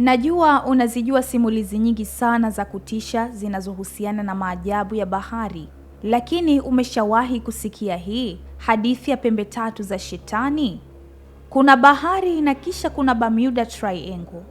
Najua unazijua simulizi nyingi sana za kutisha zinazohusiana na maajabu ya bahari, lakini umeshawahi kusikia hii hadithi ya pembe tatu za Shetani? Kuna bahari na kisha kuna Bermuda Triangle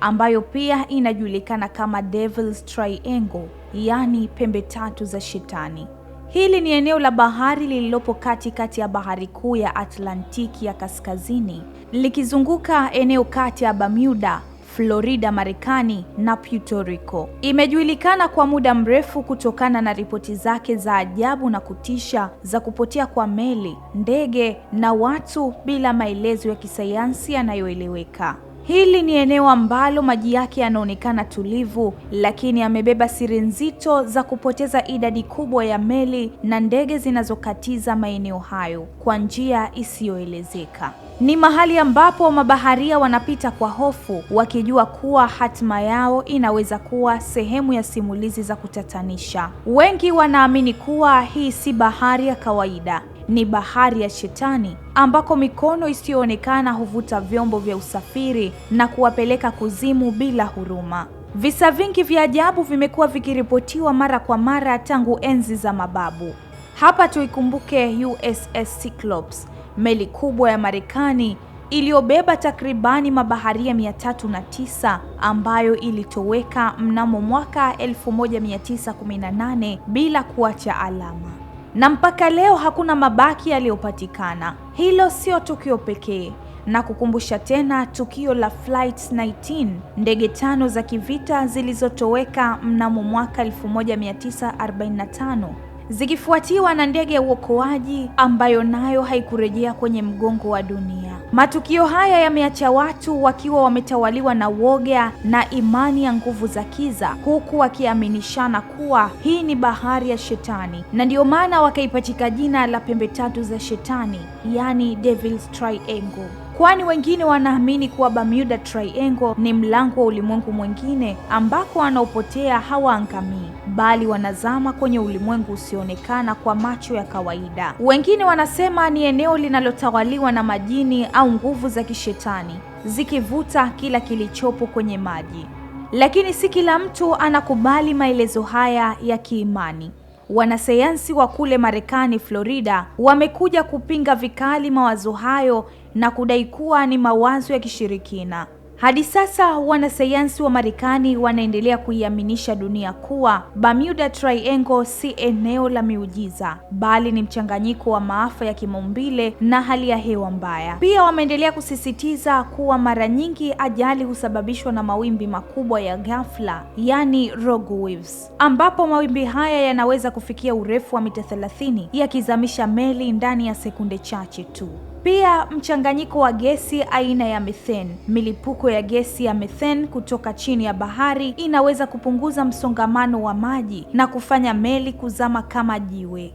ambayo pia inajulikana kama Devil's Triangle, yaani pembe tatu za Shetani. Hili ni eneo la bahari lililopo kati kati ya bahari kuu ya Atlantiki ya kaskazini, likizunguka eneo kati ya Bermuda, Florida, Marekani na Puerto Rico. Imejulikana kwa muda mrefu kutokana na ripoti zake za ajabu na kutisha za kupotea kwa meli, ndege na watu bila maelezo ya kisayansi yanayoeleweka. Hili ni eneo ambalo maji yake yanaonekana tulivu, lakini yamebeba siri nzito za kupoteza idadi kubwa ya meli na ndege zinazokatiza maeneo hayo kwa njia isiyoelezeka. Ni mahali ambapo mabaharia wanapita kwa hofu, wakijua kuwa hatima yao inaweza kuwa sehemu ya simulizi za kutatanisha. Wengi wanaamini kuwa hii si bahari ya kawaida ni bahari ya Shetani ambako mikono isiyoonekana huvuta vyombo vya usafiri na kuwapeleka kuzimu bila huruma. Visa vingi vya ajabu vimekuwa vikiripotiwa mara kwa mara tangu enzi za mababu. Hapa tuikumbuke USS Cyclops, meli kubwa ya Marekani iliyobeba takribani mabaharia mia na tisa ambayo ilitoweka mnamo mwaka 1918 bila kuacha alama na mpaka leo hakuna mabaki yaliyopatikana. Hilo sio tukio pekee, na kukumbusha tena tukio la Flight 19, ndege tano za kivita zilizotoweka mnamo mwaka 1945 zikifuatiwa na ndege ya uokoaji ambayo nayo haikurejea kwenye mgongo wa dunia. Matukio haya yameacha watu wakiwa wametawaliwa na woga na imani ya nguvu za kiza, huku wakiaminishana kuwa hii ni bahari ya shetani, na ndio maana wakaipatika jina la pembe tatu za shetani, yaani Devil's Triangle kwani wengine wanaamini kuwa Bermuda Triangle ni mlango wa ulimwengu mwingine ambako wanaopotea hawaangamii bali wanazama kwenye ulimwengu usioonekana kwa macho ya kawaida. Wengine wanasema ni eneo linalotawaliwa na majini au nguvu za kishetani zikivuta kila kilichopo kwenye maji. Lakini si kila mtu anakubali maelezo haya ya kiimani. Wanasayansi wa kule Marekani, Florida, wamekuja kupinga vikali mawazo hayo na kudai kuwa ni mawazo ya kishirikina. Hadi sasa wanasayansi wa Marekani wanaendelea kuiaminisha dunia kuwa Bermuda Triangle si eneo la miujiza, bali ni mchanganyiko wa maafa ya kimaumbile na hali ya hewa mbaya. Pia wameendelea kusisitiza kuwa mara nyingi ajali husababishwa na mawimbi makubwa ya ghafla, yani rogue waves, ambapo mawimbi haya yanaweza kufikia urefu wa mita 30 yakizamisha meli ndani ya sekunde chache tu. Pia mchanganyiko wa gesi aina ya methane. Milipuko ya gesi ya methane kutoka chini ya bahari inaweza kupunguza msongamano wa maji na kufanya meli kuzama kama jiwe.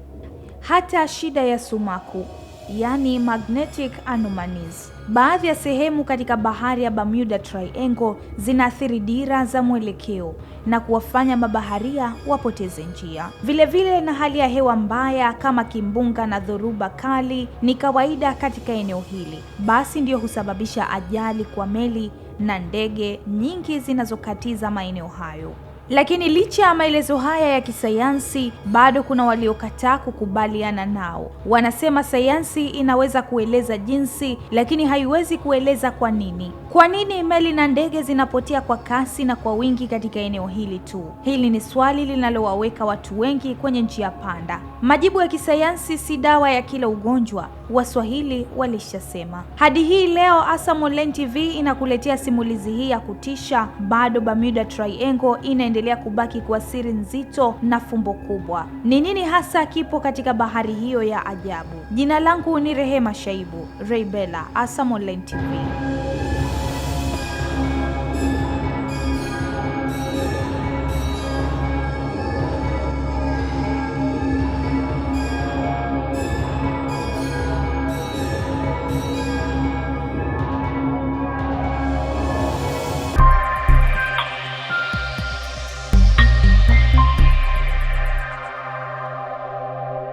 Hata shida ya sumaku yaani magnetic anomalies. Baadhi ya sehemu katika bahari ya Bermuda Triangle zinaathiri dira za mwelekeo na kuwafanya mabaharia wapoteze njia. Vilevile vile na hali ya hewa mbaya kama kimbunga na dhoruba kali ni kawaida katika eneo hili, basi ndiyo husababisha ajali kwa meli na ndege nyingi zinazokatiza maeneo hayo. Lakini licha ya maelezo haya ya kisayansi, bado kuna waliokataa kukubaliana nao. Wanasema sayansi inaweza kueleza jinsi, lakini haiwezi kueleza kwa nini. Kwa nini meli na ndege zinapotea kwa kasi na kwa wingi katika eneo hili tu? Hili ni swali linalowaweka watu wengi kwenye njia panda. Majibu ya kisayansi si dawa ya kila ugonjwa, Waswahili walishasema. Hadi hii leo Asam Online TV inakuletea simulizi hii ya kutisha. Bado Bermuda Triangle inaendelea itaendelea kubaki kwa siri nzito na fumbo kubwa. Ni nini hasa kipo katika bahari hiyo ya ajabu? Jina langu ni Rehema Shaibu, Ray Bella, ASAM Online TV.